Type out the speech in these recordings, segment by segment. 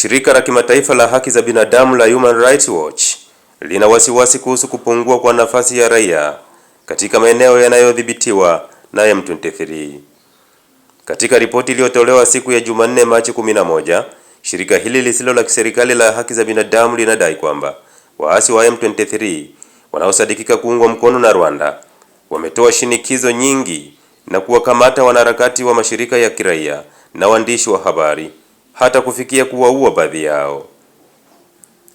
Shirika la kimataifa la haki za binadamu la Human Rights Watch lina wasiwasi kuhusu kupungua kwa nafasi ya raia katika maeneo yanayodhibitiwa na M23. Katika ripoti iliyotolewa siku ya Jumanne Machi 11, shirika hili lisilo la kiserikali la haki za binadamu linadai kwamba waasi wa M23 wanaosadikika kuungwa mkono na Rwanda wametoa shinikizo nyingi na kuwakamata wanaharakati wa mashirika ya kiraia na waandishi wa habari hata kufikia kuwaua baadhi yao,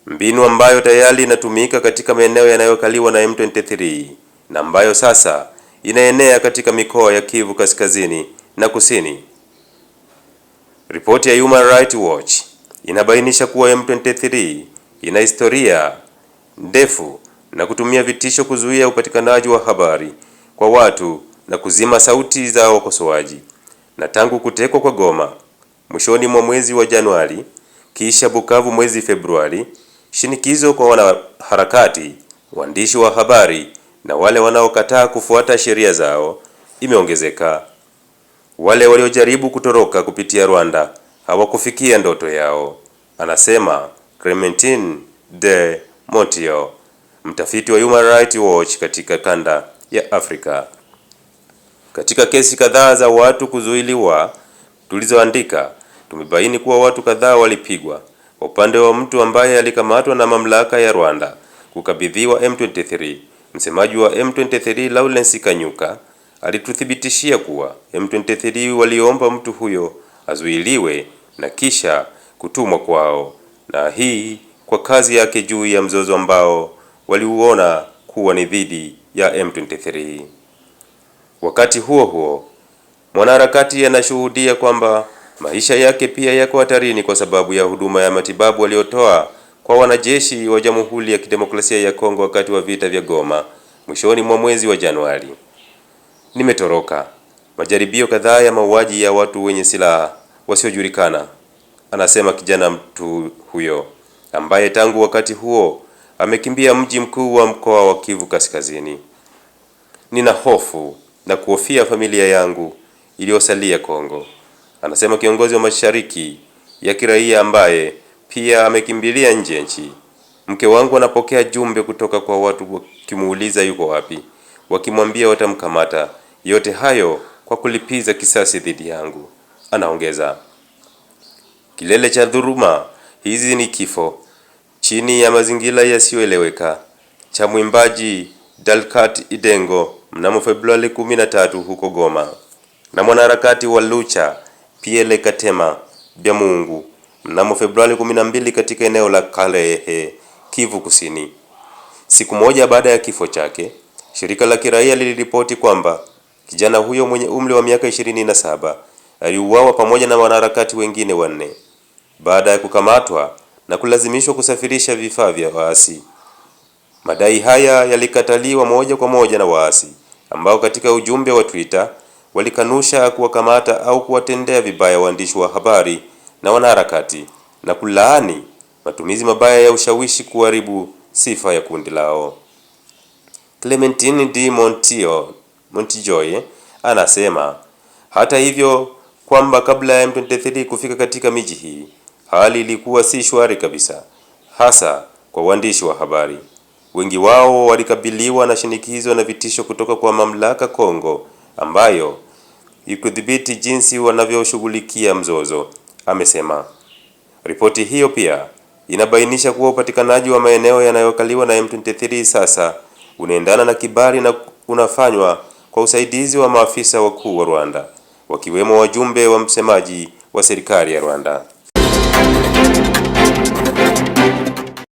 mbinu ambayo tayari inatumika katika maeneo yanayokaliwa na M23 na ambayo sasa inaenea katika mikoa ya Kivu kaskazini na kusini. Ripoti ya Human Rights Watch inabainisha kuwa M23 ina historia ndefu na kutumia vitisho kuzuia upatikanaji wa habari kwa watu na kuzima sauti za wakosoaji. Na tangu kutekwa kwa Goma mwishoni mwa mwezi wa Januari, kisha Bukavu mwezi Februari. Shinikizo kwa wanaharakati, waandishi wa habari na wale wanaokataa kufuata sheria zao imeongezeka. Wale waliojaribu kutoroka kupitia Rwanda hawakufikia ndoto yao, anasema Clementine de Montio, mtafiti wa Human Rights Watch katika kanda ya Afrika. Katika kesi kadhaa za watu kuzuiliwa tulizoandika tumebaini kuwa watu kadhaa walipigwa kwa upande wa mtu ambaye alikamatwa na mamlaka ya Rwanda kukabidhiwa M23. Msemaji wa M23 Lawrence Kanyuka alituthibitishia kuwa M23 waliomba mtu huyo azuiliwe na kisha kutumwa kwao, na hii kwa kazi yake juu ya mzozo ambao waliuona kuwa ni dhidi ya M23. Wakati huo huo, mwanaharakati anashuhudia kwamba Maisha yake pia yako hatarini kwa sababu ya huduma ya matibabu aliyotoa kwa wanajeshi wa Jamhuri ya Kidemokrasia ya Kongo wakati wa vita vya Goma mwishoni mwa mwezi wa Januari. Nimetoroka majaribio kadhaa ya mauaji ya watu wenye silaha wasiojulikana, anasema kijana mtu huyo ambaye tangu wakati huo amekimbia mji mkuu wa mkoa wa Kivu Kaskazini. Nina hofu na kuhofia familia yangu iliyosalia Kongo anasema kiongozi wa mashariki ya kiraia ambaye pia amekimbilia nje ya nchi. Mke wangu anapokea jumbe kutoka kwa watu wakimuuliza yuko wapi, wakimwambia watamkamata. Yote hayo kwa kulipiza kisasi dhidi yangu, anaongeza. Kilele cha dhuruma hizi ni kifo chini ya mazingira yasiyoeleweka cha mwimbaji Dalkat Idengo mnamo Februari 13 huko Goma na mwanaharakati wa Lucha Pierre Katema bya Mungu mnamo Februari 12 katika eneo la Kalehe, Kivu Kusini. Siku moja baada ya kifo chake, shirika la kiraia liliripoti kwamba kijana huyo mwenye umri wa miaka 27 aliuawa pamoja na wanaharakati wengine wanne baada ya kukamatwa na kulazimishwa kusafirisha vifaa vya waasi. Madai haya yalikataliwa moja kwa moja na waasi ambao katika ujumbe wa Twitter walikanusha kuwakamata au kuwatendea vibaya waandishi wa habari na wanaharakati na kulaani matumizi mabaya ya ushawishi kuharibu sifa ya kundi lao. Clementine d Montio, Montijoy anasema hata hivyo kwamba kabla ya M23 kufika katika miji hii hali ilikuwa si shwari kabisa, hasa kwa waandishi wa habari. Wengi wao walikabiliwa na shinikizo na vitisho kutoka kwa mamlaka Kongo ambayo kudhibiti jinsi wanavyoshughulikia mzozo, amesema. Ripoti hiyo pia inabainisha kuwa upatikanaji wa maeneo yanayokaliwa na M23 sasa unaendana na kibali na unafanywa kwa usaidizi wa maafisa wakuu wa Rwanda wakiwemo wajumbe wa msemaji wa serikali ya Rwanda.